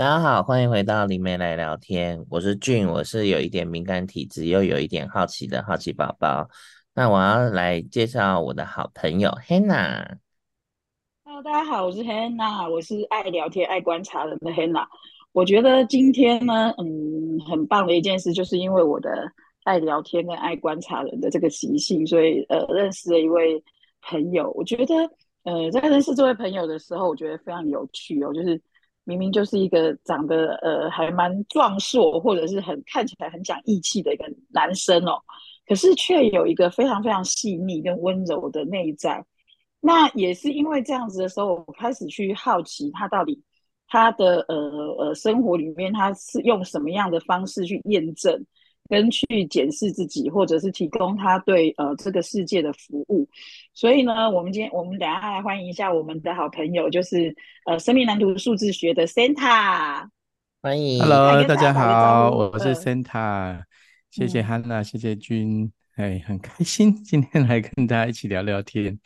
大家好，歡迎回到靈媒來聊天。我是 Gin，我是有一點敏感體質，又有一點好奇的好奇寶寶。那我要來介紹我的好朋友 Hana。Hello，大家好，我是 Hana，我是愛聊天、愛觀察人的 Hana。我覺得今天呢，嗯，很棒的一件事，就是因為我的愛聊天跟愛觀察人的這個習性，所以呃，認識了一位朋友。我覺得呃，在認識這位朋友的時候，我覺得非常有趣哦，就是。明明就是一個長得呃還蠻壯碩，或者是很看起來很講義氣的一個男生哦，可是卻有一個非常非常細膩跟溫柔的內在。那也是因為這樣子的時候，我開始去好奇他到底他的呃呃生活裡面他是用什麼樣的方式去驗證。跟去檢視自己，或者是提供他對呃這個世界的服務。所以呢，我們今天我們等下來歡迎一下我們的好朋友，就是呃生命藍圖數字學的 Santa。歡迎大導導，Hello，大家好，嗯、我是 Santa。謝謝 Hana，謝謝 Gin。哎，很開心今天來跟大家一起聊聊天。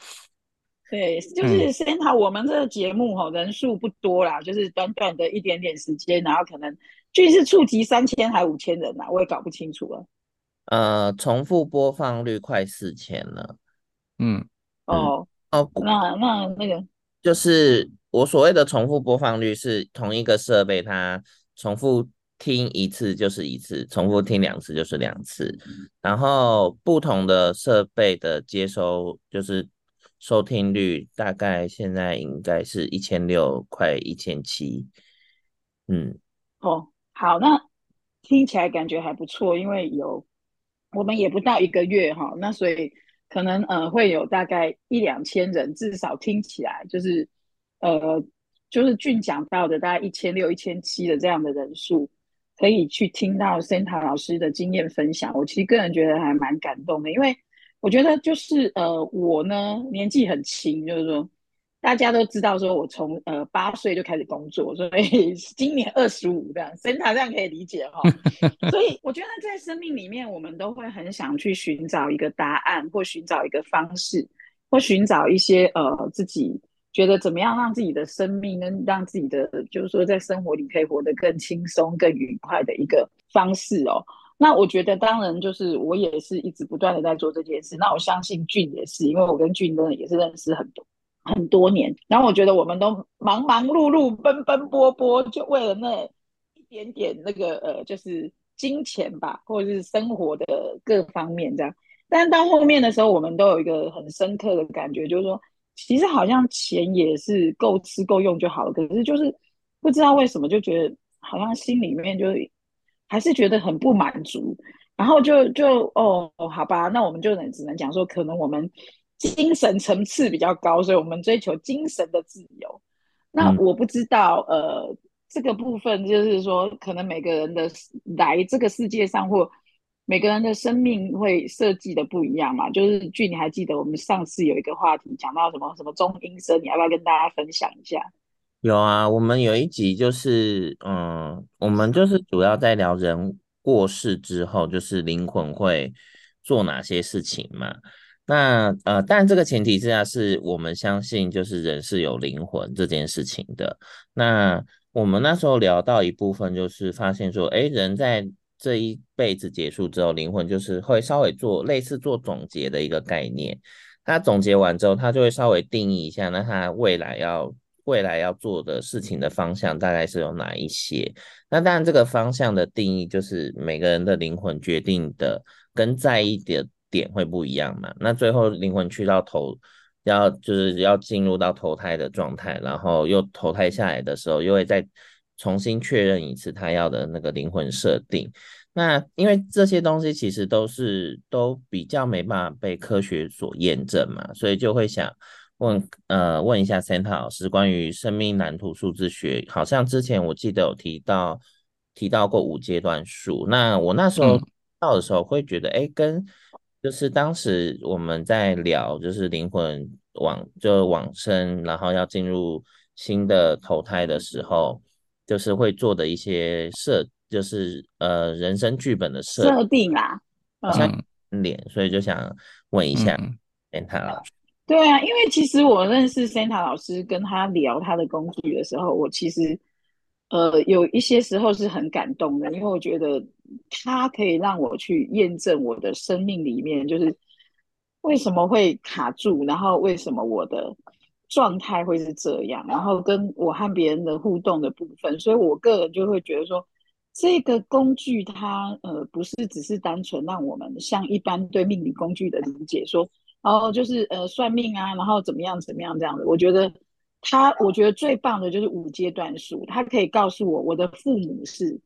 對，就是現在我們這個節目哈、哦嗯、人數不多啦，就是短短的一點點時間，然後可能就是觸及三千還五千人吶，我也搞不清楚了。呃，重複播放率快四千了。嗯。哦哦，嗯、哦那那那個就是我所謂的重複播放率是同一個設備它，重複聽一次就是一次，重複聽兩次就是兩次，嗯、然後不同的設備的接收就是。收聽率大概現在應該是一千六，快一千七，嗯，哦，好，那聽起來感覺還不錯，因為有我們也不到一個月哈、哦，那所以可能呃會有大概一兩千人，至少聽起來就是呃就是俊講到的大概一千六一千七的這樣的人數，可以去聽到 Santa 老師的經驗分享。我其實個人覺得還蠻感動的，因為。我覺得就是呃，我呢年紀很輕，就是說大家都知道，說我從呃八歲就開始工作，所以今年二十五這樣，所以他這樣可以理解哈、哦。所以我覺得在生命裡面，我們都會很想去尋找一個答案，或尋找一個方式，或尋找一些呃自己覺得怎麼樣讓自己的生命能讓自己的就是說在生活裡可以活得更輕鬆、更愉快的一個方式哦。那我覺得當然就是我也是一直不斷的在做這件事。那我相信 Gin 也是，因為我跟 Gin 真的也是認識很多很多年。然後我覺得我們都忙忙碌碌、奔奔波波，就為了那一點點那個呃，就是金錢吧，或者是生活的各方面這樣。但是到後面的時候，我們都有一個很深刻的感覺，就是說，其實好像錢也是夠吃夠用就好了。可是就是不知道為什麼，就覺得好像心裡面就是。還是覺得很不滿足，然後就就哦，好吧，那我們就只能講說，可能我們精神層次比較高，所以我們追求精神的自由。那我不知道，嗯、呃，這個部分就是說，可能每個人的來這個世界上或每個人的生命會設計的不一樣嘛。就是，Gin 你還記得，我們上次有一個話題講到什麼什麼中陰身，你要不要跟大家分享一下？有啊，我們有一集就是，嗯，我們就是主要在聊人過世之後，就是靈魂會做哪些事情嘛。那呃，但這個前提之下是我們相信就是人是有靈魂這件事情的。那我們那時候聊到一部分，就是發現說，誒，人在這一輩子結束之後，靈魂就是會稍微做類似做總結的一個概念。他總結完之後，他就會稍微定義一下，那他未來要。未來要做的事情的方向大概是有哪一些？那當然，這個方向的定義就是每個人的靈魂決定的，跟在意的點會不一樣嘛。那最後靈魂去到投，要就是要進入到投胎的狀態，然後又投胎下來的時候，又會再重新確認一次他要的那個靈魂設定。那因為這些東西其實都是都比較沒辦法被科學所驗證嘛，所以就會想。問呃，問一下 Santa 老師，關於生命藍圖數字學，好像之前我記得有提到提到過五階段數。那我那時候、嗯、到的時候會覺得，哎，跟就是當時我們在聊，就是靈魂往就往生，然後要進入新的投胎的時候，就是會做的一些設，就是呃，人生劇本的設、設定啊，像連，嗯、所以就想問一下 Santa 老師。對啊，因為其實我認識 Santa 老師，跟他聊他的工具的時候，我其實呃有一些時候是很感動的，因為我覺得他可以讓我去驗證我的生命裡面就是為什麼會卡住，然後為什麼我的狀態會是這樣，然後跟我和別人的互動的部分，所以我個人就會覺得說，這個工具它呃不是只是單純讓我們像一般對命理工具的理解說。然後就是呃算命啊，然後怎麼樣怎麼樣這樣的。我覺得他，我覺得最棒的就是五階段數，他可以告訴我我的父母是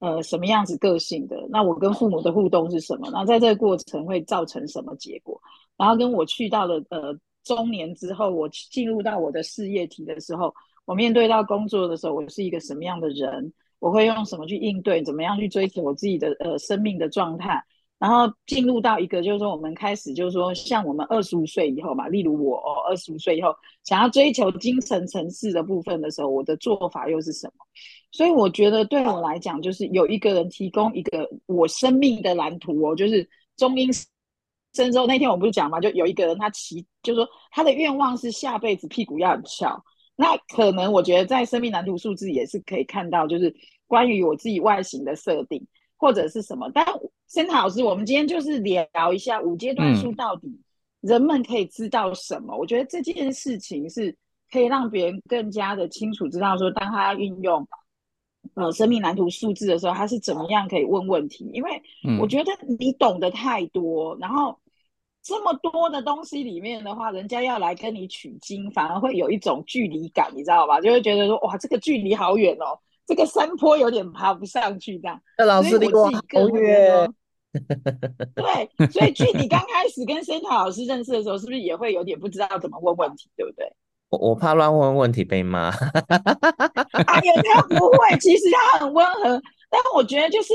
呃什麼樣子個性的，那我跟父母的互動是什麼，那在這個過程會造成什麼結果。然後跟我去到了呃中年之後，我進入到我的事業體的時候，我面對到工作的時候，我是一個什麼樣的人，我會用什麼去應對，怎麼樣去追求我自己的呃生命的狀態。然後進入到一個，就是說我們開始，就是說像我們二十五歲以後嘛，例如我哦，二十五歲以後想要追求精神層次的部分的時候，我的做法又是什麼？所以我覺得對我來講，就是有一個人提供一個我生命的藍圖哦，就是中英神州那天我不是講嘛，就有一個人他其就是說他的願望是下輩子屁股要很翹。那可能我覺得在生命藍圖數字也是可以看到，就是關於我自己外形的設定。或者是什麼？但 Santa 老師，我們今天就是聊一下五階段數到底人們可以知道什麼？嗯、我覺得這件事情是可以讓別人更加的清楚知道，說當他要運用呃生命藍圖數字的時候，他是怎麼樣可以問問題？因為我覺得你懂得太多，嗯、然後這麼多的東西裡面的話，人家要來跟你取經，反而會有一種距離感，你知道吧？就會覺得說哇，這個距離好遠哦。這個山坡有點爬不上去這樣，的那老師好遠，你多侯月。對，所以具體、呃、 剛開始跟 Santa 老師認識的時候，是不是也會有點不知道怎麼問問題， 對不對？ 我我怕亂問問題被罵 。啊，也沒有不會， 其實他很溫和。但我覺得就是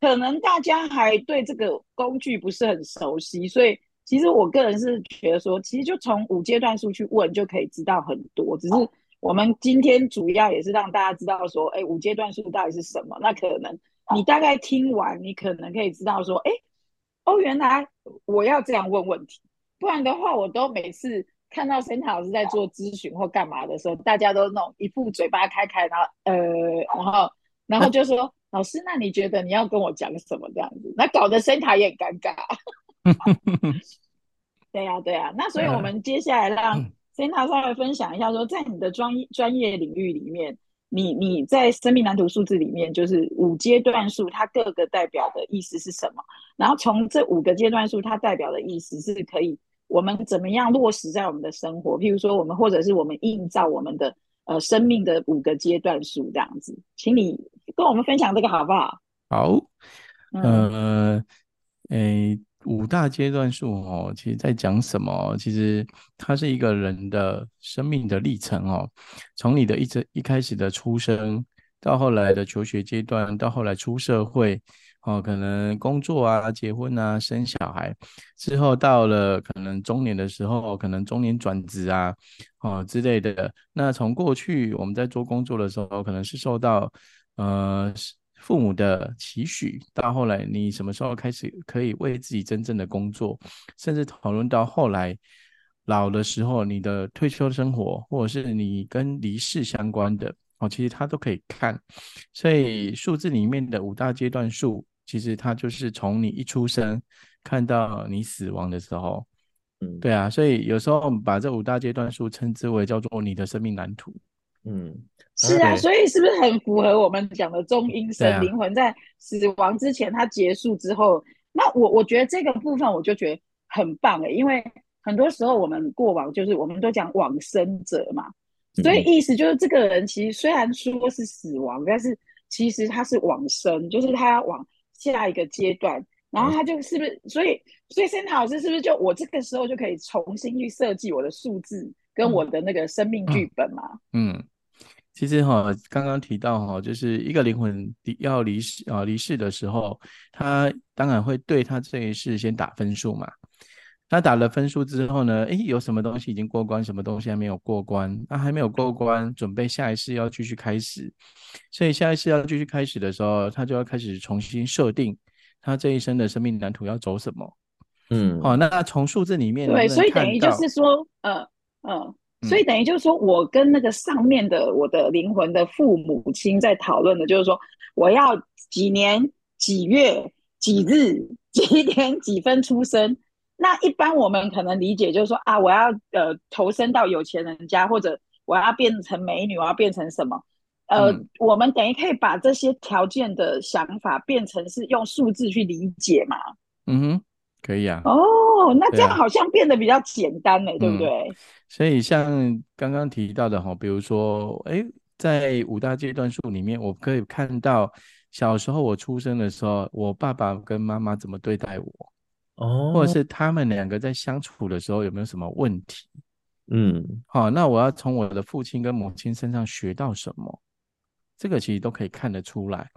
可能大家還對這個工具不是很熟悉，所以其實我個人是覺得說，其實就從五階段數去問就可以知道很多，只是。我們今天主要也是讓大家知道說，哎，五階段數到底是什麼？那可能你大概聽完，你可能可以知道說，哎，哦，原來我要這樣問問題，不然的話，我都每次看到 Santa 老師在做諮詢或幹嘛的時候，大家都那種一副嘴巴開開，然後呃，然後然後就說， 老師，那你覺得你要跟我講什麼這樣子？那搞得 Santa 也很尷尬。 對呀、啊，對呀、啊。那所以我們接下來讓。先拿上來分享一下，說在你的專業，專業領域裡面，你你在生命藍圖數字裡面，就是五階段數，它各個代表的意思是什麼？然後從這五個階段數，它代表的意思是可以，我們怎麼樣落實在我們的生活？譬如說，我們或者是我們映照我們的呃生命的五個階段數這樣子，請你跟我們分享這個好不好？好，嗯，誒、呃。欸五大階段數哦，其實在講什麼？其實它是一個人的生命的歷程哦，從你的一直一開始的出生，到後來的求學階段，到後來出社會，哦，可能工作啊、結婚啊、生小孩之後，到了可能中年的時候，可能中年轉職啊，哦之類的。那從過去我們在做工作的時候，可能是受到呃，父母的期許，到後來你什麼時候開始可以為自己真正的工作，甚至討論到後來老的時候你的退休生活，或者是你跟離世相關的哦，其實他都可以看。所以數字裡面的五大階段數，其實它就是從你一出生看到你死亡的時候，嗯，對啊，所以有時候我們把這五大階段數稱之為叫做你的生命藍圖。嗯，是啊，啊所以是不是很符合我們講的中陰身靈魂在死亡之前，啊、它結束之後，那我我覺得這個部分我就覺得很棒哎，因為很多時候我們過往就是我們都講往生者嘛，嗯、所以意思就是這個人其實雖然說是死亡，但是其實他是往生，就是他要往下一個階段，然後他就是不是、嗯，所以所以 Santa 老師是不是就我這個時候就可以重新去設計我的數字？跟我的那個生命劇本嘛，嗯，嗯，其實哈、哦，剛剛提到哈、哦，就是一個靈魂離要離世啊、呃，離世的時候，他當然會對他這一世先打分數嘛。他打了分數之後呢，誒，有什麼東西已經過關，什麼東西還沒有過關？那、啊、還沒有過關，準備下一世要繼續開始。所以下一世要繼續開始的時候，他就要開始重新設定他這一生的生命藍圖要走什麼。嗯，好、哦，那他從數字裡面，對，所以等於就是說，呃。嗯，所以等於就是說我跟那個上面的我的靈魂的父母親在討論的，就是說我要幾年幾月幾日幾點幾分出生。那一般我們可能理解就是說啊，我要呃投身到有錢人家，或者我要變成美女，我要變成什麼？呃，嗯、我們等於可以把這些條件的想法變成是用數字去理解嘛？嗯哼。可以啊，哦，那這樣好像變得比較簡單了，對，啊、對不對？嗯、所以像剛剛提到的吼，比如說，誒、欸，在五大階段數裡面，我可以看到小時候我出生的時候，我爸爸跟媽媽怎麼對待我，哦，或者是他們兩個在相處的時候有沒有什麼問題？嗯，好，那我要從我的父親跟母親身上學到什麼？這個其實都可以看得出來。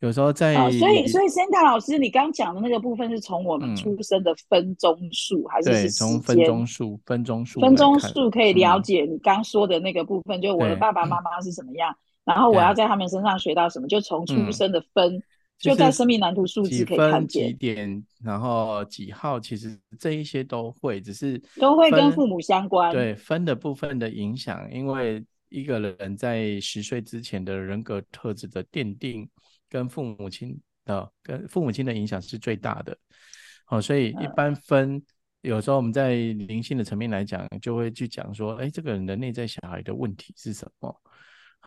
有時候在、哦、所以所以、嗯、Santa 老師，你剛講的那個部分是從我們出生的分鐘數，嗯、還是，是？從分鐘數，分鐘數，分鐘數可以了解你剛說的那個部分，嗯、就我的爸爸媽媽是什麼樣，對然後我要在他們身上學到什麼，對就從出生的分，對就在生命藍圖數字可以看見幾，幾點，然後幾號，其實這一些都會，只是都會跟父母相關。對，分的部分的影響，因為一個人在十歲之前的人格特質的奠定。跟父母親的、哦，跟父母親的影響是最大的。哦、所以一般分，嗯、有時候我們在靈性的層面來講，就會去講說，哎，這個人的內在小孩的問題是什麼？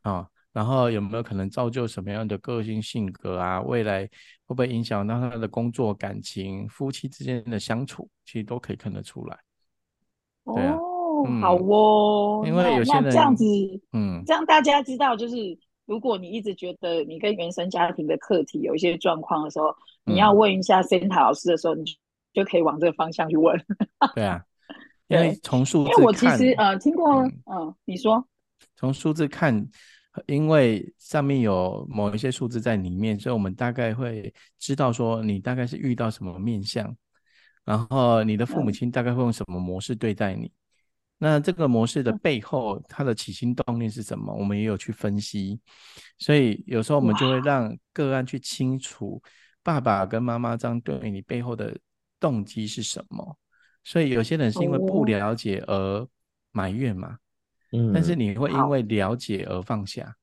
啊、哦，然後有沒有可能造就什麼樣的個性性格啊？未來會不會影響到他的工作、感情、夫妻之間的相處？其實都可以看得出來。對啊、哦、嗯、好哦，因為有些人這樣子，嗯，這樣大家知道就是。如果你一直覺得你跟原生家庭的課題有一些狀況的時候，嗯、你要問一下 Santa 老師的時候，你就可以往這個方向去問。 對啊，因為從數字，因為我其實呃聽過，嗯、呃，你說，從數字看，因為上面有某一些數字在裡面，所以我們大概會知道說你大概是遇到什麼面相，然後你的父母親大概會用什麼模式對待你。嗯那這個模式的背後，它的起心動念是什麼？嗯，我們也有去分析，所以有時候我們就會讓個案去清楚爸爸跟媽媽這樣對你背後的動機是什麼？所以有些人是因為不了解而埋怨嘛，嗯，但是你會因為了解而放下，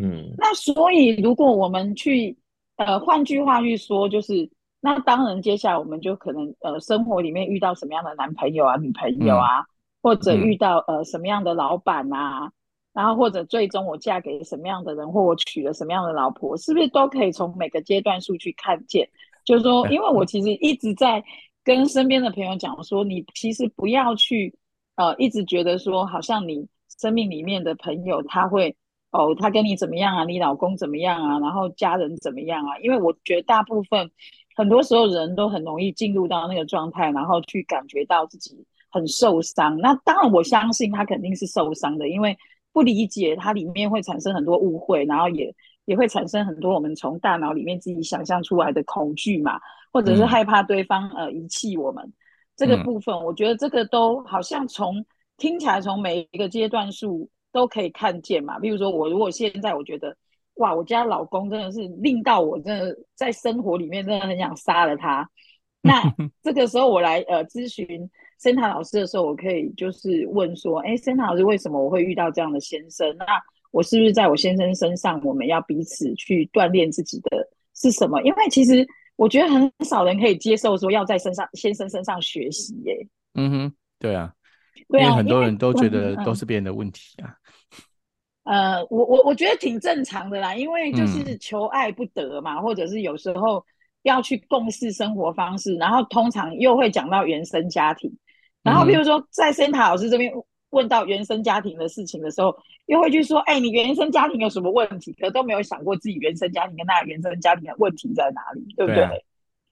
嗯。那所以如果我們去，呃，換句話去說，就是那當然，接下來我們就可能呃，生活裡面遇到什麼樣的男朋友啊、女朋友啊。嗯。或者遇到呃什麼樣的老闆啊，嗯、然後或者最終我嫁給什麼樣的人，或我娶了什麼樣的老婆，是不是都可以從每個階段數去看見？就是說，因為我其實一直在跟身邊的朋友講說，你其實不要去呃一直覺得說，好像你生命裡面的朋友他會哦，他跟你怎麼樣啊，你老公怎麼樣啊，然後家人怎麼樣啊？因為我覺得大部分很多時候人都很容易進入到那個狀態，然後去感覺到自己。很受傷，那當然我相信他肯定是受傷的，因為不理解，他裡面會產生很多誤會，然後也也會產生很多我們從大腦裡面自己想象出來的恐懼嘛，或者是害怕對方、嗯、呃遺棄我們這個部分。我覺得這個都好像從、嗯、聽起來從每一個階段數都可以看見嘛。比如說我如果現在我覺得，哇，我家老公真的是令到我真的在生活裡面真的很想殺了他，那這個時候我來呃諮詢。諮詢 Santa 老師的時候，我可以就是問說：哎、欸，Santa 老師，為什麼我會遇到這樣的先生？那我是不是在我先生身上，我們要彼此去鍛鍊自己的是什麼？因為其實我覺得很少人可以接受說要在身上先生身上學習耶、欸。嗯哼，對啊，對啊因為,因為很多人都覺得都是別人的問題啊。嗯、呃，我我我覺得挺正常的啦，因為就是求愛不得嘛，嗯、或者是有時候要去共事生活方式，然後通常又會講到原生家庭。然後，比如說在 Santa、嗯、老師這邊問到原生家庭的事情的時候，又會去說：“哎，你原生家庭有什麼問題？”可都沒有想過自己原生家庭跟那個原生家庭的問題在哪裡，對不對？對啊，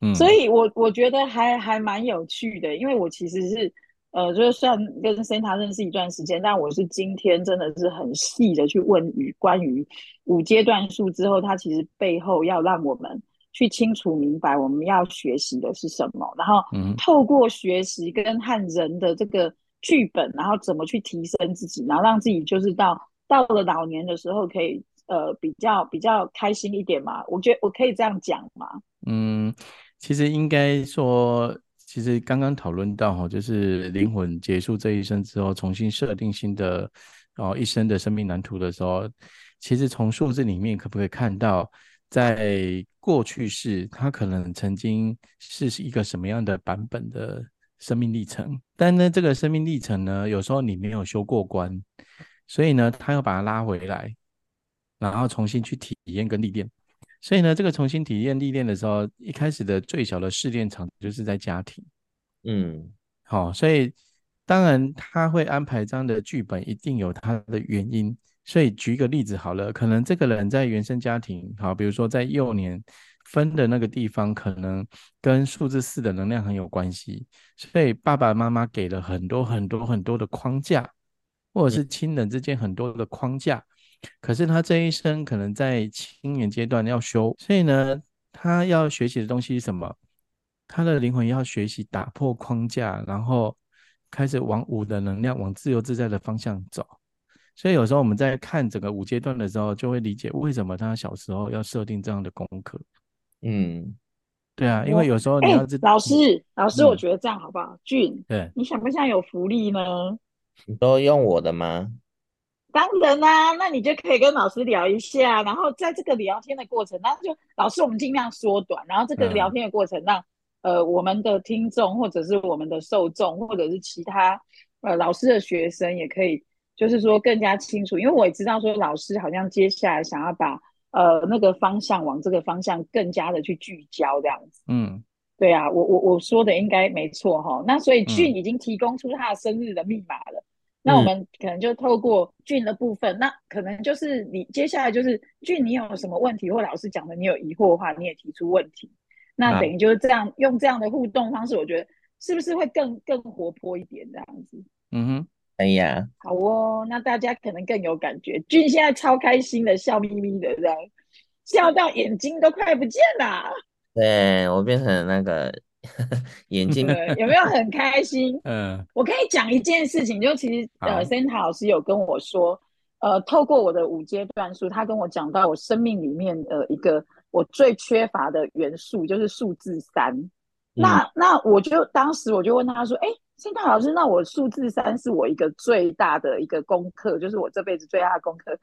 嗯、所以我我覺得還還蠻有趣的，因為我其實是呃，就是算跟 Santa 認識一段時間，但我是今天真的是很細的去問與關於五階段數之後，它其實背後要讓我們。去清楚明白我們要學習的是什麼，然後透過學習跟和人的這個劇本，然後怎麼去提升自己，然後讓自己就是到到了老年的時候可以呃比較比較開心一點嘛？我覺得我可以這樣講嗎？嗯，其實應該說，其實剛剛討論到哈、哦，就是靈魂結束這一生之後，重新設定新的哦一生的生命藍圖的時候，其實從數字裡面可不可以看到在？過去式，他可能曾經是一個什麼樣的版本的生命歷程？但呢，這個生命歷程呢，有時候你沒有修過關，所以呢，他又把它拉回來，然後重新去體驗跟歷練。所以呢，這個重新體驗歷練的時候，一開始的最小的試煉場就是在家庭。嗯，好，哦，所以當然他會安排這樣的劇本，一定有他的原因。所以舉一個例子好了，可能這個人在原生家庭，好，比如說在幼年分的那個地方，可能跟數字四的能量很有關係。所以爸爸媽媽給了很多很多很多的框架，或者是親人之間很多的框架。可是他這一生可能在青年階段要修，所以呢，他要學習的東西是什麼？他的靈魂要學習打破框架，然後開始往五的能量，往自由自在的方向走。所以有時候我們在看整個五階段的時候，就會理解為什麼他小時候要設定這樣的功課。嗯，對啊，我因為有時候你要知道、欸嗯、老師，老師，我覺得這樣好不好？嗯、俊，對，你想不想有福利呢？你都用我的嗎？當然啊，那你就可以跟老師聊一下。然後在這個聊天的過程，那就老師，我們盡量縮短。然後這個聊天的過程讓，讓、嗯、呃我們的聽眾或者是我們的受眾或者是其他呃老師的學生也可以。就是說更加清楚，因為我也知道說老師好像接下來想要把呃那個方向往這個方向更加的去聚焦這樣子。嗯，對啊，我我我說的應該沒錯哈、哦。那所以 Gin 已經提供出他的生日的密碼了，嗯、那我們可能就透過 Gin 的部分，嗯、那可能就是你接下來就是 Gin，你有什麼問題或老師講的你有疑惑的話，你也提出問題。那等於就是這樣、啊、用這樣的互動方式，我覺得是不是會更更活潑一點這樣子？嗯哼。哎呀，好哦，那大家可能更有感覺。俊現在超開心的，笑眯眯的人，這樣笑到眼睛都快不見了。對我變成那個呵呵眼睛，有沒有很開心？ 嗯，我可以講一件事情，就其實呃，好森塔老師有跟我說，呃，透過我的五階段數，他跟我講到我生命裡面的，呃，一個我最缺乏的元素，就是數字三。 那那我就當時我就問他說：“哎、欸，Santa 老師，那我數字三是我一個最大的一個功課，就是我這輩子最大的功課。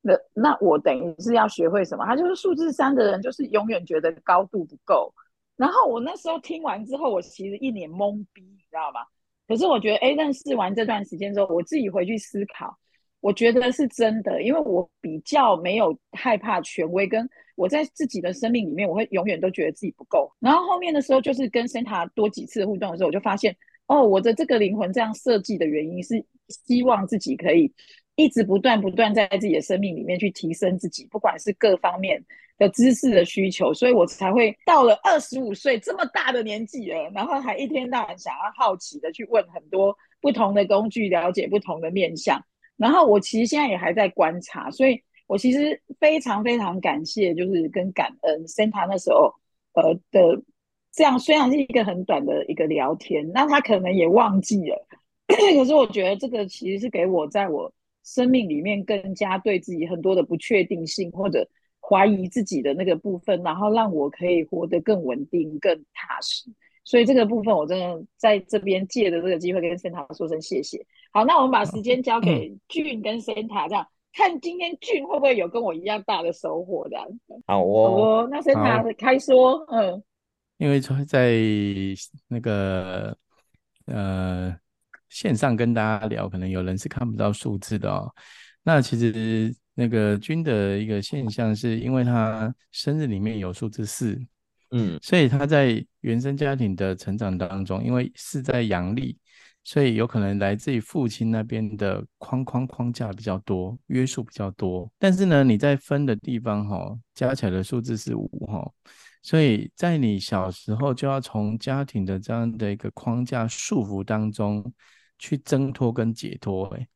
那那我等於是要學會什麼？他就是數字三的人，就是永遠覺得高度不夠。然後我那時候聽完之後，我其實一臉懵逼，你知道嗎？可是我覺得，哎、欸，認識完這段時間之後，我自己回去思考。”我覺得是真的，因為我比較沒有害怕權威，跟我在自己的生命裡面，我會永遠都覺得自己不夠。然後後面的時候，就是跟 Santa 多幾次互動的時候，我就發現，哦，我的這個靈魂這樣設計的原因是希望自己可以一直不斷不斷在自己的生命裡面去提升自己，不管是各方面的知識的需求，所以我才會到了二十五歲這麼大的年紀了，然後還一天到晚想要好奇的去問很多不同的工具，了解不同的面向。然後我其實現在也還在觀察，所以我其實非常非常感謝，就是跟感恩 Santa 那時候，呃的，這樣雖然是一個很短的一個聊天，那他可能也忘記了，可是我覺得這個其實是給我在我生命裡面更加對自己很多的不確定性或者懷疑自己的那個部分，然後讓我可以活得更穩定、更踏實。所以這個部分，我真的在這邊借着這個機會跟 Santa 說聲謝謝。好，那我們把時間交給 Gin、嗯、跟 Santa，這樣看今天 Gin 會不會有跟我一樣大的收穫。這樣好，我那 Santa 開說，好嗯，因為在那個呃線上跟大家聊，可能有人是看不到數字的哦。那其實那個 Gin 的一個現象，是因為他生日裡面有數字四。嗯，所以他在原生家庭的成長當中，因為是在陽曆，所以有可能來自於父親那邊的框框框架比較多，約束比較多。但是呢，你在分的地方吼，加起來的數字是五吼。所以在你小時候就要從家庭的這樣的一個框架束縛當中去掙脫跟解脫，欸。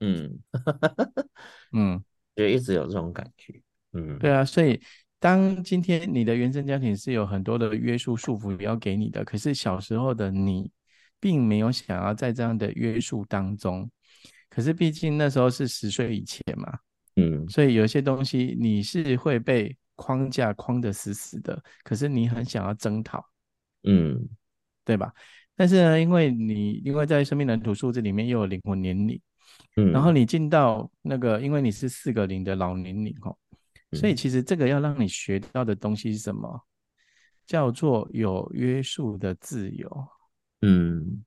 嗯， 嗯，就一直有這種感覺。嗯，對啊，所以。當今天你的原生家庭是有很多的約束束縛要給你的，可是小時候的你，並沒有想要在這樣的約束當中。可是畢竟那時候是十歲以前嘛，嗯，所以有些東西你是會被框架框得死死的，可是你很想要掙脫，嗯，對吧？但是呢，因為你因為在生命藍圖數字裡面又有靈魂年齡，嗯，然後你進到那個，因為你是四個零的老年齡哦。嗯、所以其實這個要讓你學到的東西是什麼？叫做有約束的自由。嗯，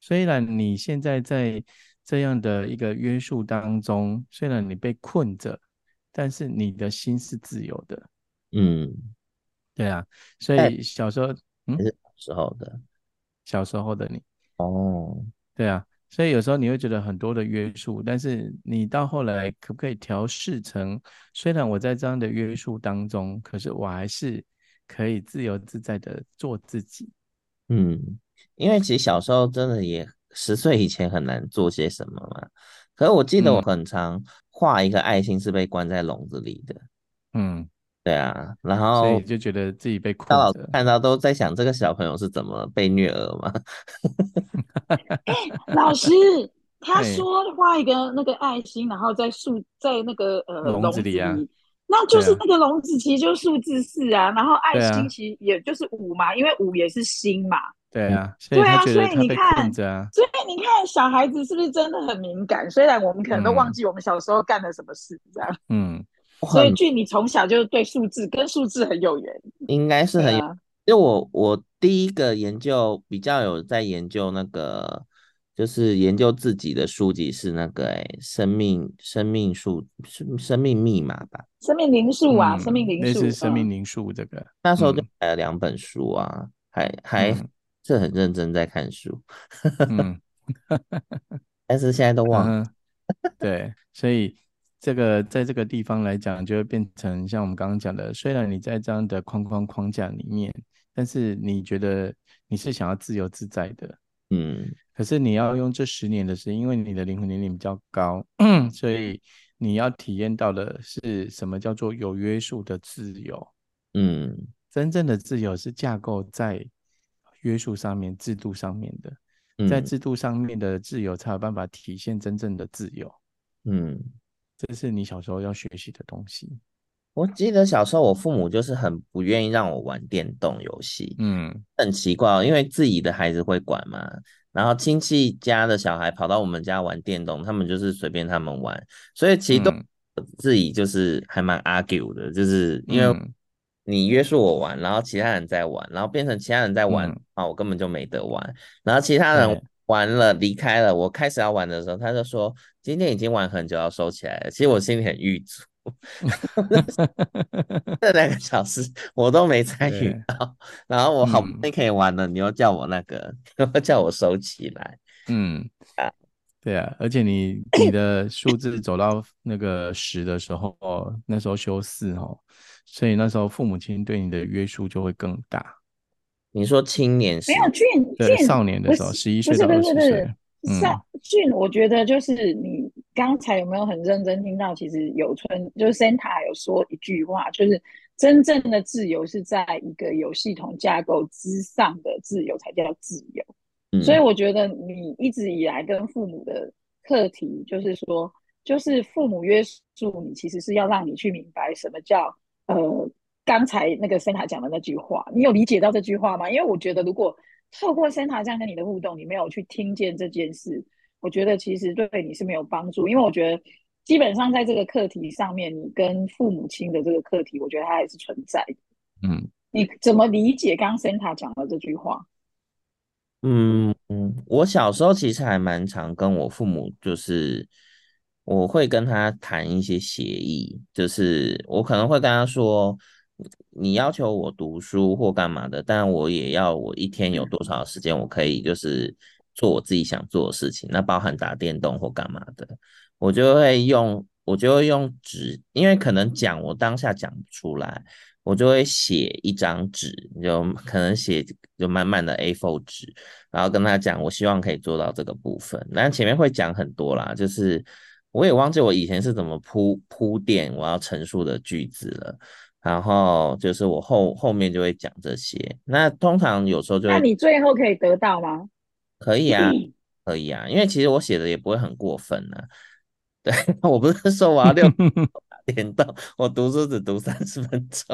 雖然你現在在這樣的一個約束當中，雖然你被困着，但是你的心是自由的。嗯，對啊。所以小時候，欸、嗯，小時候的，小時候的你。哦，對啊。所以有時候你會覺得很多的約束，但是你到後來可不可以調適成，雖然我在這樣的約束當中，可是我還是可以自由自在地做自己。嗯，因為其實小時候真的也十歲以前很難做些什麼嘛。可是我記得我很常畫一個愛心是被關在籠子裡的。嗯。對啊，然後所以就覺得自己被老師看到，都在想這個小朋友是怎麼被虐了嘛 欸？老師他說畫一個那個愛心，嘿然後在樹在那個呃籠子裡啊，那就是那個籠子其實就是數字四啊，啊然後愛心其實也就是五嘛，啊、因為五也是心嘛。對啊，對啊，所以你看，所以你看小孩子是不是真的很敏感？雖然我們可能都忘記我們小時候幹了什麼事這、啊、樣、嗯。嗯。所以，據你從小就對數字跟數字很有緣、嗯，應該是很有緣。對、啊、因為我我第一個研究比較有在研究那個，就是研究自己的書籍是那個、欸、生命生命數生生命密碼吧，生命靈數啊，嗯、生命靈數，是生命靈數這個。嗯嗯、那時候就買了兩本書啊，還、嗯、還是很認真在看書，但、 嗯、 是現在都忘了。 嗯、對，所以。這個在這個地方來講，就會變成像我們剛剛講的，雖然你在這樣的框框框架裡面，但是你覺得你是想要自由自在的，嗯。可是你要用這十年的時間，因為你的靈魂年齡比較高， 所以你要體驗到的是什麼叫做有約束的自由，嗯。真正的自由是架構在約束上面、制度上面的，在制度上面的自由才有辦法體現真正的自由，嗯。嗯這是你小時候要學習的東西。我記得小時候，我父母就是很不願意讓我玩電動遊戲。嗯，很奇怪哦，因為自己的孩子會管嘛。然後親戚家的小孩跑到我們家玩電動，他們就是隨便他們玩。所以其實都、嗯、自己就是還蠻 argue 的，就是因為你約束我玩，然後其他人在玩，然後變成其他人在玩啊、嗯哦，我根本就沒得玩。然後其他人。完了，離開了。我開始要玩的時候，他就說今天已經玩很久，要收起來了。其實我心裡很鬱卒，這兩 個小時我都沒參與到，對然後我好不容易可以玩了，你又叫我那個，你又叫我收起來。嗯，啊對啊，而且你你的數字走到那個十的時候， 那時候修四哦，所以那時候父母親對你的約束就會更大。你說青年沒有俊少年的時候，十一歲不是不是不是少俊。我覺得就是你剛才有沒有很認真聽到？其實有春就是 Santa 有說一句話，就是真正的自由是在一個有系統架構之上的自由才叫自由。所以我覺得你一直以來跟父母的課題就是說，就是父母約束你，其實是要讓你去明白什麼叫呃。剛才那個 Santa 講的那句話，你有理解到這句話嗎？因為我覺得，如果透過 Santa 這樣跟你的互動，你沒有去聽見這件事，我覺得其實對你是沒有幫助。因為我覺得，基本上在這個課題上面，你跟父母親的這個課題，我覺得它還是存在的。嗯，你怎麼理解剛 Santa 講的這句話？嗯嗯，我小時候其實還蠻常跟我父母，就是我會跟他談一些協議，就是我可能會跟他說。你要求我讀書或幹嘛的，但我也要我一天有多少時間，我可以就是做我自己想做的事情。那包含打電動或幹嘛的，我就會用，我就會用紙，因為可能講，我當下講不出來，我就會寫一張紙，就可能寫就滿滿的 A4 紙，然後跟他講，我希望可以做到這個部分。那前面會講很多啦，就是我也忘記我以前是怎麼鋪鋪墊我要陳述的句子了。然後就是我後後面就會講這些。那通常有時候就會……那你最後可以得到嗎？可以啊，可以，可以啊，因為其實我寫的也不會很過分呢、啊。對我不是說我要六點到，我讀書只讀三十分鐘，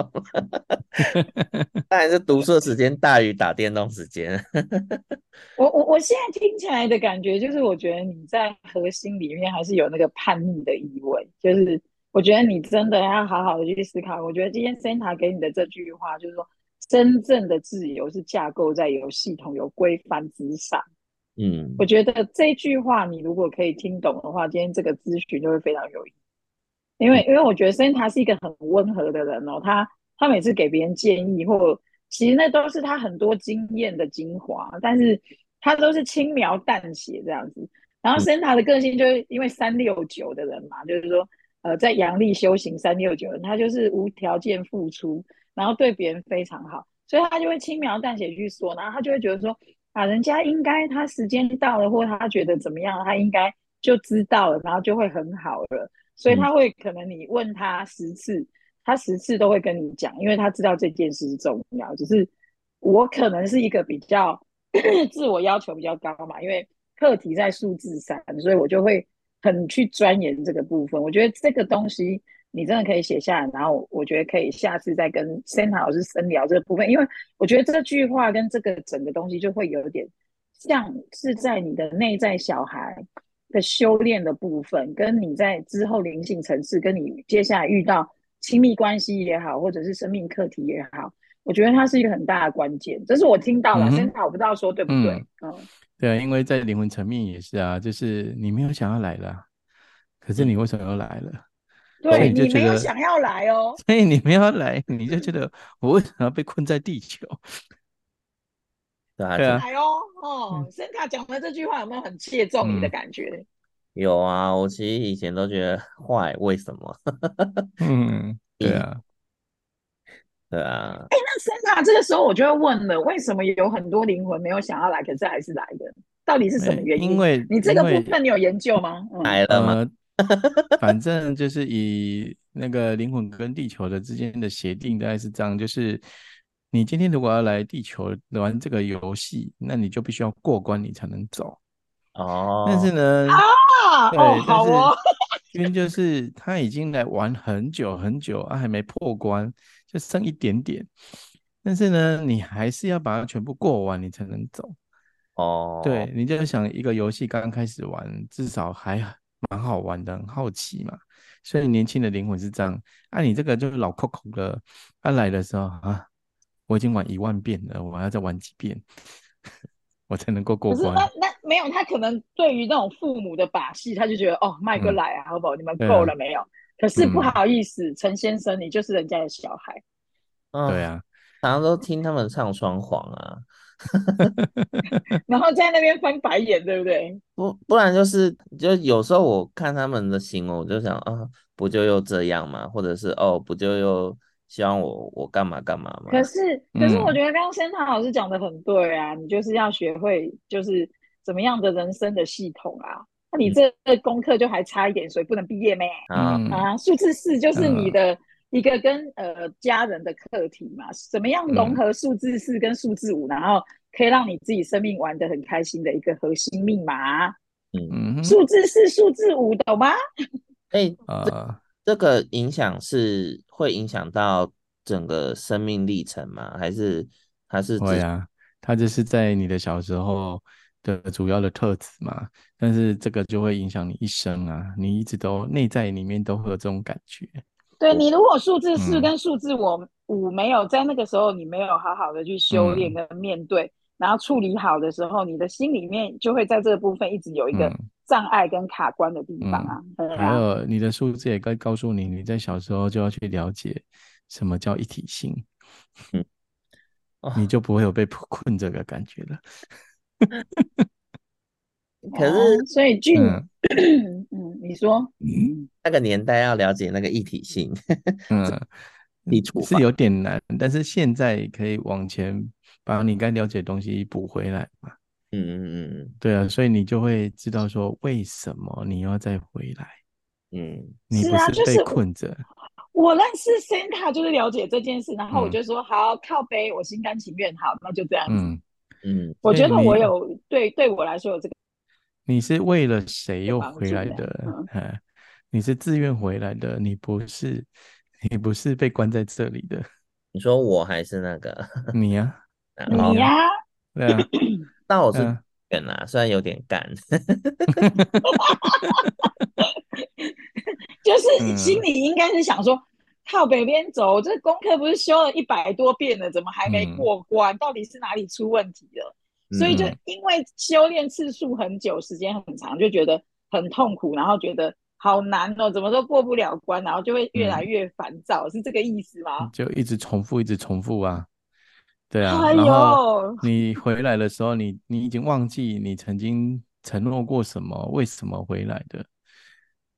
當 然是讀書的時間大於打電動時間。 我我我現在聽起來的感覺就是，我覺得你在核心裡面還是有那個叛逆的意味，就是。我覺得你真的要好好的去思考。我覺得今天 Santa 給你的這句話，就是說，真正的自由是架構在有系統、有規範之上。嗯，我覺得這句話你如果可以聽懂的話，今天這個諮詢就會非常有意義。因為，嗯、因為我覺得 Santa 是一個很溫和的人哦，他他每次給別人建議，或其實那都是他很多經驗的精華，但是他都是輕描淡寫這樣子。然後 Santa 的個性就是因為三六九的人嘛，嗯、就是說。呃，在陽曆修行三六九人，他就是無條件付出，然後對別人非常好，所以他就會輕描淡寫去說，然後他就會覺得說，啊，人家應該他時間到了，或他覺得怎麼樣，他應該就知道了，然後就會很好了。所以他會可能你問他十次，他十次都會跟你講，因為他知道這件事是重要。只是我可能是一個比較 自我要求比較高嘛，因為課題在數字三，所以我就會。很去鑽研這個部分，我覺得這個東西你真的可以寫下來，然後我覺得可以下次再跟 Santa 老師深聊這個部分，因為我覺得這句話跟這個整個東西就會有一點像是在你的內在小孩的修煉的部分，跟你在之後靈性層次，跟你接下來遇到親密關係也好，或者是生命課題也好，我覺得它是一個很大的關鍵。這是我聽到了 Santa，嗯、哼我不知道說對不對，嗯。嗯.對啊，因為在靈魂層面也是啊，就是你沒有想要來了，可是你為什麼要來了？嗯、對，哦、你，你沒有想要來哦，所以你沒有來，你就覺得我為什麼被困在地球？ 對啊，來哦哦，Santa、嗯、講的這句話有沒有很切中你的感覺？有啊，我其實以前都覺得壞，Why? 為什麼？ 嗯，對啊， 對啊。真的、啊，這個時候我就要問了，為什麼有很多靈魂沒有想要來，可是還是來的？到底是什麼原因？欸、因為你這個部分你有研究嗎？為嗯、來了嗎？ 反正就是以那個靈魂跟地球的之間的協定，大概是這樣：就是你今天如果要來地球玩這個遊戲，那你就必須要過關，你才能走。哦，但是呢，啊，好對、哦、但是因為就是他已經來玩很久很久，啊，還沒破關，就剩一點點。但是呢，你還是要把它全部過完，你才能走。哦，oh. 對，你就想一個遊戲剛,剛開始玩，至少還蠻好玩的，很好奇嘛。所以年輕的靈魂是這樣。啊，你這個就是老摳摳的。他來的時候啊，我已經玩一萬遍了，我還要再玩幾遍， 我才能夠過關。那那沒有他可能對於那種父母的把戲，他就覺得哦，邁哥來啊，嗯、好不好？你們夠了沒有？啊、可是不好意思，陳、嗯、先生，你就是人家的小孩。啊對啊。常常都聽他們唱雙簧啊， 然後在那邊翻白眼，對不對？不，不然就是，就有時候我看他們的心哦，我就想啊，不就又這樣嘛，或者是哦，不就又希望我我幹嘛幹嘛嘛。可是，可是我覺得剛剛 Santa 老師講的很對啊，你就是要學會就是怎麼樣的人生的系統啊，那你這個功課就還差一點，所以不能畢業咩？嗯、啊，數字四就是你的、嗯。一個跟呃家人的課題嘛，怎麼樣融合數字四跟數字五，嗯，然後可以讓你自己生命玩得很開心的一個核心密碼。嗯，數字四、數字五，懂嗎？哎、欸，啊、呃，這個影響是會影響到整個生命歷程嗎？還是還是？對啊，它就是在你的小時候的主要的特質嘛，但是這個就會影響你一生啊，你一直都內在裡面都會有這種感覺。對，你如果數字四跟數字五五沒有、嗯、在那個時候，你沒有好好的去修煉跟面對，嗯、然後處理好的時候，你的心裡面就會在這個部分一直有一個障礙跟卡關的地方啊。嗯、啊還有你的數字也該告訴你，你在小時候就要去了解什麼叫一體性， 你就不會有被困這個感覺了。 可是，哦、所以俊，嗯，嗯，你說。嗯那個年代要了解那個一體性，嗯，你是有點難，但是現在可以往前把你該了解的東西補回來嘛？嗯嗯嗯對啊，所以你就會知道說為什麼你要再回來？嗯，你不是被困着？我認識 Santa 就是了解這件事，然後我就說好，靠背，我心甘情願，好，那就這樣子。嗯，我覺得我有對對我來說有這個。你是為了誰又回來的？嗯。你是自願回來的，你不是，你不是被關在這裡的。你說我還是那個你呀、啊？你呀、啊啊？那我是忍啊，雖然有點幹，就是心裡應該是想說，嗯、靠北邊走。這功課不是修了一百多遍了，怎麼還沒過關？嗯、到底是哪裡出問題了？嗯、所以就因為修煉次數很久，時間很長，就覺得很痛苦，然後覺得。好難哦，怎麼都過不了關，然後就會越來越煩躁，嗯、是這個意思嗎？就一直重複，一直重複啊，對啊。哎呦，然後你回來的時候你，你你已經忘記你曾經承諾過什麼，為什麼回來的？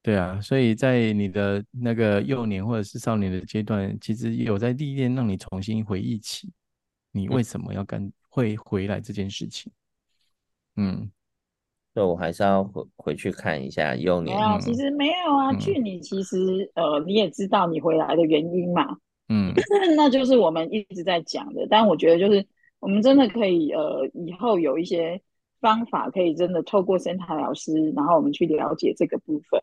對啊，所以在你的那個幼年或者是少年的階段，其實有在歷練讓你重新回憶起你為什麼要跟、嗯、會回來這件事情，嗯。所以我還是要回回去看一下。有年沒有，其實沒有啊。Gin、嗯，你其實呃，你也知道你回來的原因嘛？嗯， 那就是我們一直在講的。但我覺得就是我們真的可以呃，以後有一些方法可以真的透過 Santa 老師，然後我們去了解這個部分。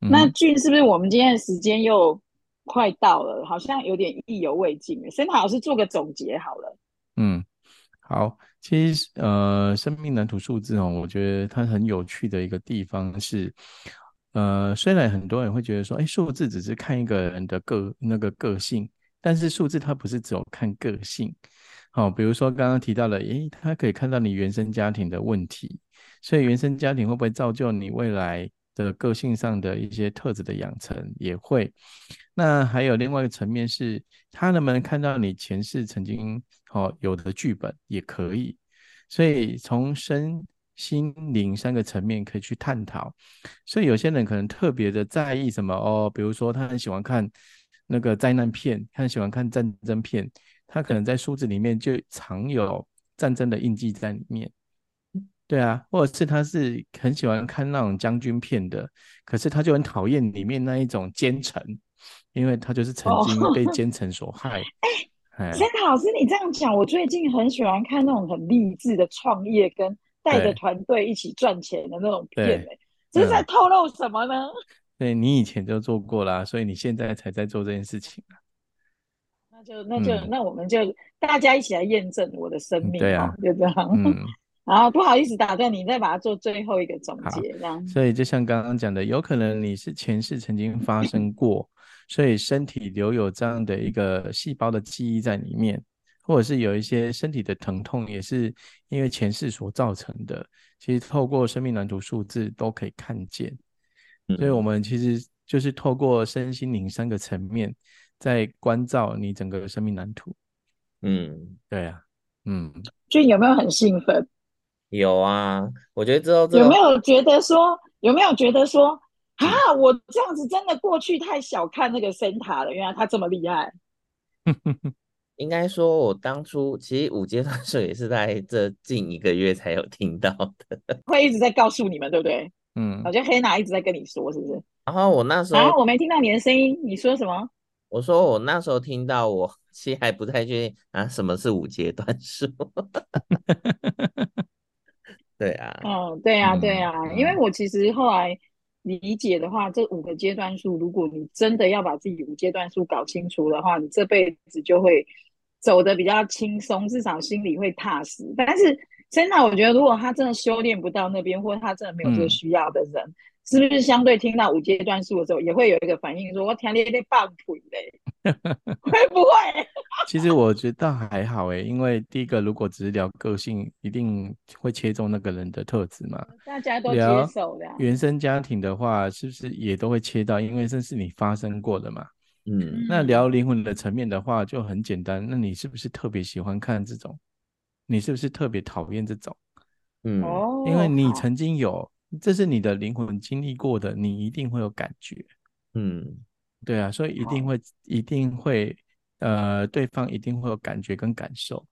嗯、那 Gin 是不是我們今天的時間又快到了？好像有點意猶未盡。Santa 老師做個總結好了。嗯，好。其實，呃，生命藍圖數字哦，我覺得它很有趣的一個地方是，呃，雖然很多人會覺得說，哎，數字只是看一個人的個那個個性，但是數字它不是只有看個性，好，比如說剛剛提到了，誒，它可以看到你原生家庭的問題，所以原生家庭會不會造就你未來？的個性上的一些特質的養成也會，那還有另外一個層面是，他能不能看到你前世曾經哦有的劇本也可以，所以從身心靈三個層面可以去探討，所以有些人可能特別的在意什麼哦，比如說他很喜歡看那個災難片，他很喜歡看戰爭片，他可能在數字裡面就常有戰爭的印記在裡面。對啊，或者是他是很喜歡看那種將軍片的，可是他就很討厭裡面那一種奸臣，因為他就是曾經被奸臣所害。哎、哦，森、欸、嘿老師，你這樣講，我最近很喜歡看那種很勵志的創業，跟帶着團隊一起賺錢的那種片、欸，對這是在透露什麼呢？嗯、對，你以前就做過啦、啊，所以你現在才在做這件事情啊？那就那就、嗯、那我們就大家一起來驗證我的生命、啊，對啊，就這樣。嗯啊，然後不好意思打斷你，再把它做最後一個總結，好這樣。所以就像剛剛講的，有可能你是前世曾經發生過， 所以身體留有這樣的一個細胞的記憶在裡面，或者是有一些身體的疼痛，也是因為前世所造成的。其實透過生命藍圖數字都可以看見，嗯、所以我們其實就是透過身心靈三個層面，在關照你整個生命藍圖、嗯啊。嗯，對呀，嗯。就你有沒有很興奮？有啊，我覺得之後這個、有沒有覺得說，有沒有覺得說啊，我這樣子真的過去太小看那個 Santa 了，原來他這麼厲害。 應該說，我當初其實五階段數也是在這近一個月才有聽到的。會一直在告訴你們，對不對？嗯。好像 Hana 一直在跟你說，是不是？然後我那時候，然後我沒聽到你的聲音，你說什麼？我說我那時候聽到，我其實還不太確定啊，什麼是五階段數？ 對啊，嗯，對啊，對啊，嗯、因為我其實後來理解的話，這五個階段數，如果你真的要把自己五階段數搞清楚的話，你這輩子就會走得比較輕鬆，至少心裡會踏實。但是，Santa 我覺得如果他真的修煉不到那邊，或者他真的沒有這個需要的人，嗯、是不是相對聽到五階段數的時候，也會有一個反應，說我天咧咧爆腿咧？ 會不會？ 其實我覺得還好哎，因為第一個，如果只是聊個性，一定會切中那個人的特質嘛。大家都接受了原生家庭的話，是不是也都會切到？因為這是你發生過的嘛。嗯，那聊靈魂的層面的話，就很簡單。那你是不是特別喜歡看這種？你是不是特別討厭這種？嗯，因為你曾經有，哦、好好，這是你的靈魂經歷過的，你一定會有感覺。嗯。對啊，所以一定會，一定會，呃，對方一定會有感覺跟感受，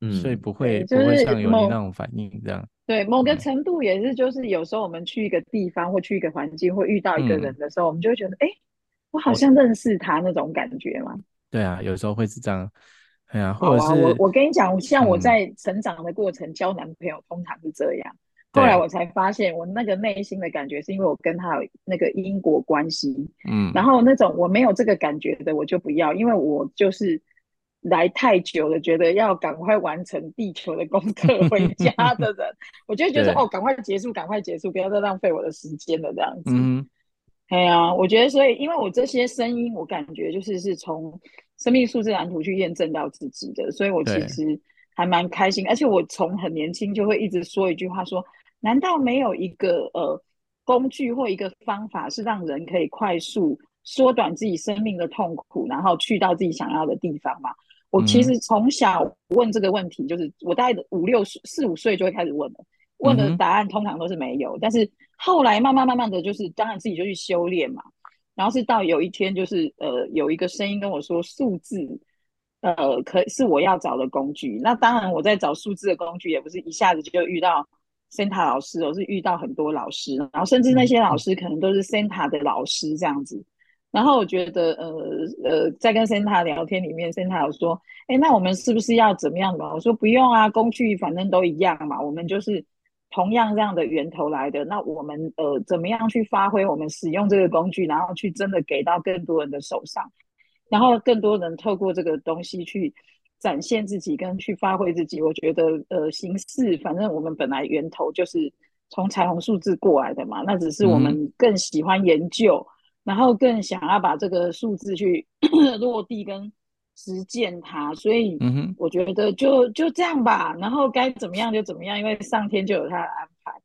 嗯，所以不會、就是、不會像有你那種反應這樣。對，某個程度也是，就是有時候我們去一個地方或去一個環境，或遇到一個人的時候，嗯、我們就會覺得，哎，我好像認識他那種感覺嘛。對啊，有時候會是這樣，哎呀，或者是、啊、我我跟你講，像我在成長的過程、嗯、交男朋友，通常是這樣。後來我才發現，我那個內心的感覺是因為我跟他有那個因果關係。嗯，然後那種我沒有這個感覺的，我就不要，因為我就是來太久了，覺得要趕快完成地球的功課回家的人， 我就覺得對哦，趕快結束，趕快結束，不要再浪費我的時間了，這樣子。嗯，哎呀、啊，我覺得所以，因為我這些聲音，我感覺就是是從生命數字藍圖去驗證到自己的，所以我其實還蠻開心。對而且我從很年輕就會一直說一句話說。難道沒有一個呃工具或一個方法是讓人可以快速縮短自己生命的痛苦，然後去到自己想要的地方嗎？我其實從小問這個問題，就是我大概五六歲、四五歲就會開始問了。問的答案通常都是沒有，嗯、哼但是後來慢慢、慢慢的就是，當然自己就去修煉嘛。然後是到有一天，就是呃，有一個聲音跟我說：“數字，呃，可是我要找的工具。”那當然，我在找數字的工具，也不是一下子就遇到。Santa 老師，我是遇到很多老師，然後甚至那些老師可能都是 Santa 的老師這樣子。然後我覺得，呃呃，在跟 Santa 聊天裡面，Santa 有說，哎、欸，那我們是不是要怎麼樣的？我說不用啊，工具反正都一樣嘛，我們就是同樣這樣的源頭來的。那我們呃怎麼樣去發揮我們使用這個工具，然後去真的給到更多人的手上，然後更多人透過這個東西去。展現自己跟去發揮自己，我覺得呃，形式反正我們本來源頭就是從彩虹數字過來的嘛，那只是我們更喜歡研究，嗯、哼然後更想要把這個數字去 落地跟實踐它，所以嗯我覺得就就這樣吧，然後該怎麼樣就怎麼樣，因為上天就有他的安排，嗯、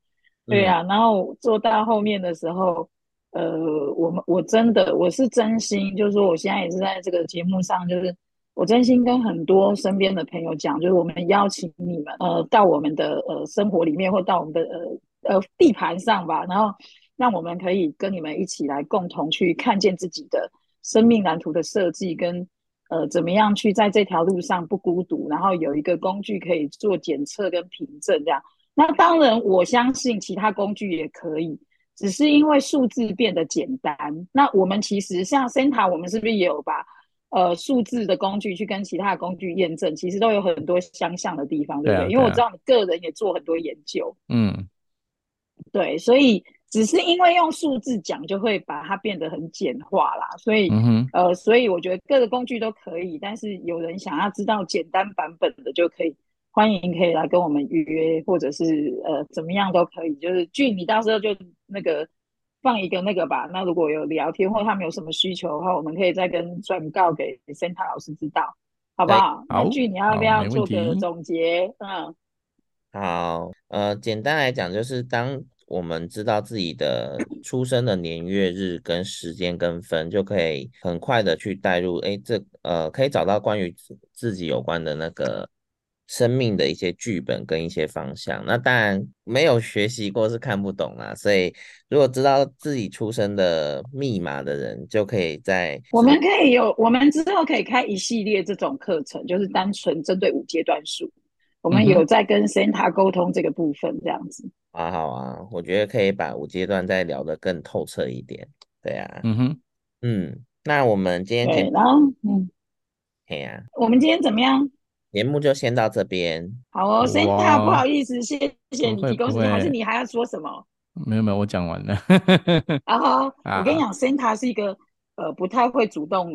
哼對啊，然後做到後面的時候，呃，我們我真的我是真心，就是說我現在也是在這個節目上，就是。我真心跟很多身邊的朋友講，就是我們邀請你們，呃，到我們的呃生活裡面，或到我們的呃呃地盤上吧，然後讓我們可以跟你們一起來共同去看見自己的生命藍圖的設計，跟呃怎麼樣去在這條路上不孤獨，然後有一個工具可以做檢測跟憑證，這樣。那當然，我相信其他工具也可以，只是因為數字變得簡單。那我們其實像 Santa，我們是不是也有吧？呃，數字的工具去跟其他的工具驗證，其實都有很多相像的地方，對不、啊、對、啊。因為我知道你個人也做很多研究，嗯，對，所以只是因為用數字講，就會把它變得很簡化啦。所以，嗯、哼呃，所以我覺得各個工具都可以，但是有人想要知道簡單版本的，就可以。歡迎可以來跟我們預約，或者是呃怎麼樣都可以，就是據你到時候就那個。放一個那個吧。那如果有聊天或他們有什麼需求的話，我們可以再跟轉告給 Santa 老師知道，好不好？Gin，好，你要不要做個總結？嗯，好。呃，簡單來講，就是當我們知道自己的出生的年月日跟時間跟分，就可以很快的去帶入。哎，這呃，可以找到關於自己有關的那個。生命的一些劇本跟一些方向，那當然沒有學習過是看不懂啊。所以如果知道自己出生的密碼的人，就可以在我們可以有，我們之後可以開一系列這種課程，就是單純針對五階段數。嗯哼，我們有在跟 Santa 溝通這個部分，這樣子啊，好啊，我覺得可以把五階段再聊得更透徹一點。對啊，嗯哼，嗯，那我們今天，天對，簡單。嗯，對呀、啊，我們今天怎麼樣？節目就先到這邊。好哦，Santa，不好意思，謝謝你提供，還是你還要說什麼？沒有沒有，我講完了。啊哈，我跟你講，Santa 是一個呃不太會主動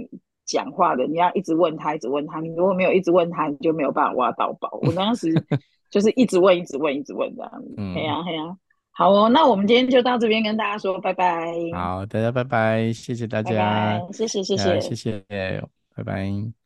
講話的，你要一直問他，一直問他。你如果沒有一直問他，你就沒有辦法挖到寶。我當時就是一直問，一直問，一直問的。嗯，嘿呀嘿呀，好哦，那我們今天就到這邊跟大家說拜拜。好，大家拜拜，謝謝大家，謝謝謝謝謝謝，拜拜。